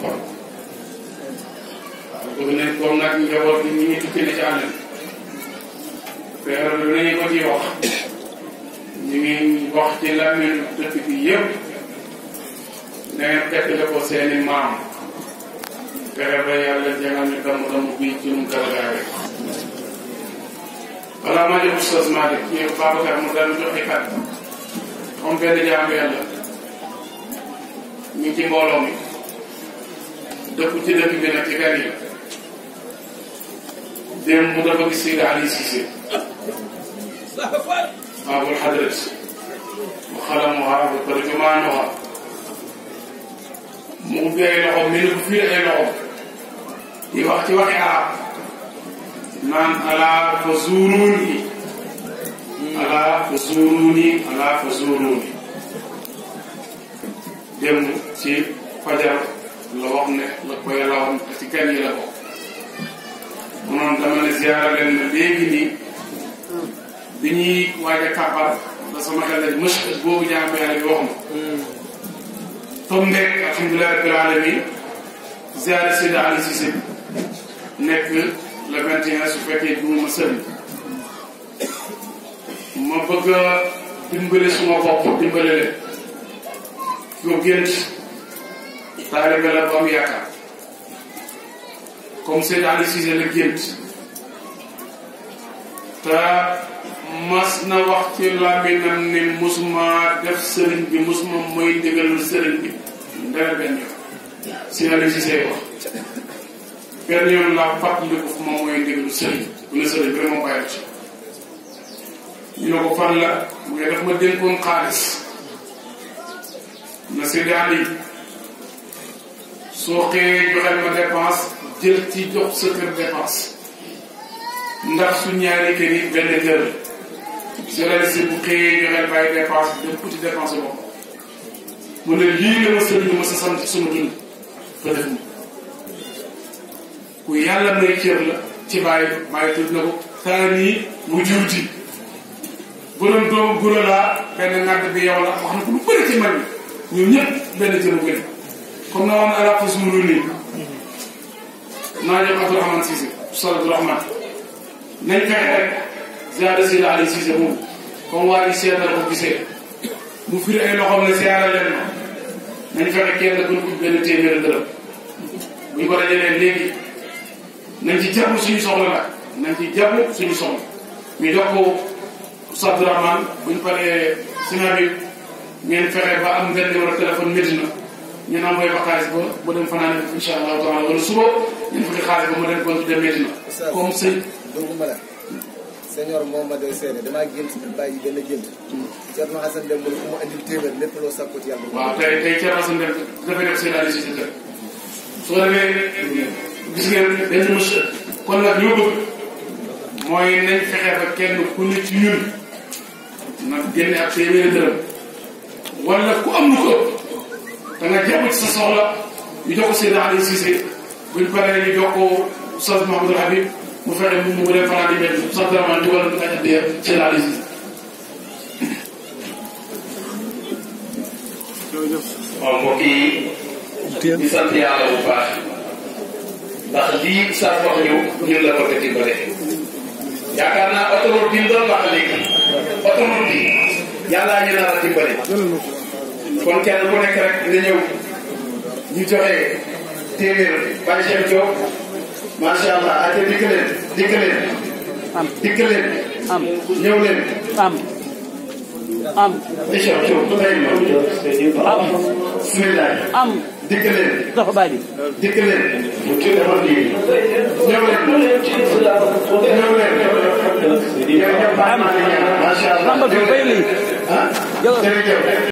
xol waaw bëgg nañ comme nag njaboot bi ñu ngi tukki na ci ànd feeral lu nañu ko ci wax ñu ngi wax ci làmmiñ dëkk bi yëpp na ngeen fekkle ko seeni maam fexe ba yàlla jangal ñu damm-damm bii ci num kalgaawe balaa maa jëf sas maa ci Babacar mu daan joxe kat moom benn jaam yàlla ñu ci mbooloo mi dëkk ci dëkk bi nag ci kër yi la démb mu dafa gis Seydi Ali Cissé baabul xadrat mu xalamuha ba pare jumaanuha mu ubbi ay loxo mel ni fii ay loxo di wax ci waxi arab naan alaa fa zuuruuni alaa fa zuuruuni alaa fa zuuruuni démb ci fajar loxne la ko yàlla woon te ci gan yi la bokk munoon dama ne ziara leen na léegi nii bi ñuy waaj a kàbbar da sama xel la mës boobu jaam yàlla bi wax ma tom nekk alhamdulilah rabbil alamin ziara Seydi Ali Cissé nekk le 21 su fekkee duuma sëriñ ma bëgg a dimbale suma bopp dimbale leen ko gént taalibe la bu am yaakaar comme Seydou Aliou la gént te mas na wax ci làmmiñam ne musuma def sëriñ bi musuma mooy ndigalul sëriñ bi dara benn yoon Seydou Aliou Cissé wax benn yoon laa fàttaliku fu ma mooy ndigalul sëriñ bu ne sëriñ bi rek bàyyi ci ñu ne ko fan la mu ne daf ma dénkoon xaalis na Seydou Aliou soo xëyee joxel ma dépense jël ci jox sa kër dépense ndax su ñaari kër yi benn kër journaliste bu xëyee bàyyi dépense dem uti dépense bopp mu ne lii la ma sëriñ ma sa suma dund ko ku yàlla may cër la ci bàyyi bàyyi tudd na ko taani mu juuti bu doon doom gura laa benn ngàdd bi yow la wax na ko lu bëri ci man ñun ñëpp benn jëmu ko كنا ما نعرف اسمه لولي ناجي عبد الرحمن سيسي صلى الله عليه وسلم نلقى حق زيادة سيد علي سيسي مو كون واري سيادة ربك سيد مفير اي لغم لسيارة لنا نلقى حق كيادة كل كل بين التيمير الدرب ويقول لنا نلقى نلقى جابو سيو صغلنا نلقى جابو سيو صغل ميدوكو صلى الله عليه وسلم ويقول لنا سيناريو نلقى حق بأم ذلك ورتلفون مدنه ñu naan koy ba xaalis ba ba dem fanaan def incha allahu taala wala suba ñu fexe xaalis ba mu dem kon dem métti na. comme sëñ. dugg ma la. seigneur moom ma doy seede damaa gént bàyyi benn gént. Thierno Hassane Deme mu ne fu mu andil téeméer lépp loo sàkku ci yàlla. waaw tey tey Thierno Hassane Deme dafay def seen analyse ci kër. soo demee gis ngeen benn monsieur. kon nag ñu bëgg mooy nañ fexe ba kenn ku ne ci ñun nag génne ak téeméeri dërëm wala ku am lu ko. da nga jàpp ci sa soxla ñu jox ko Seydou Aliou Cissé buñ paree ñu jox ko Oustaz Mamadou Habib mu fexe mu mu dem fanaan di mel Oustaz Dramane di wala nga ñettee Seydou Aliou Cissé. waaw mbokk yi. di sant yàlla bu baax. ndax lii Oustaz wax ñëw ñun la ko dimbale. yaakaar naa autoroute bi ñu doon wax léegi autoroute bi yàllaa ñu nar a dimbale. kon kenn ku nekk rek nga ñëw ñu joxe téeméer bàyyi Cheikh Diop macha allah ate dikk leen dikk leen. am dikk leen. am ñëw leen. am am. Cheikh Diop tey ma. am bismillah. am dikk leen. dox bàyyi. dikk leen. defal lii. ñëw leen. ñëw leen. macha allah jërëjëf.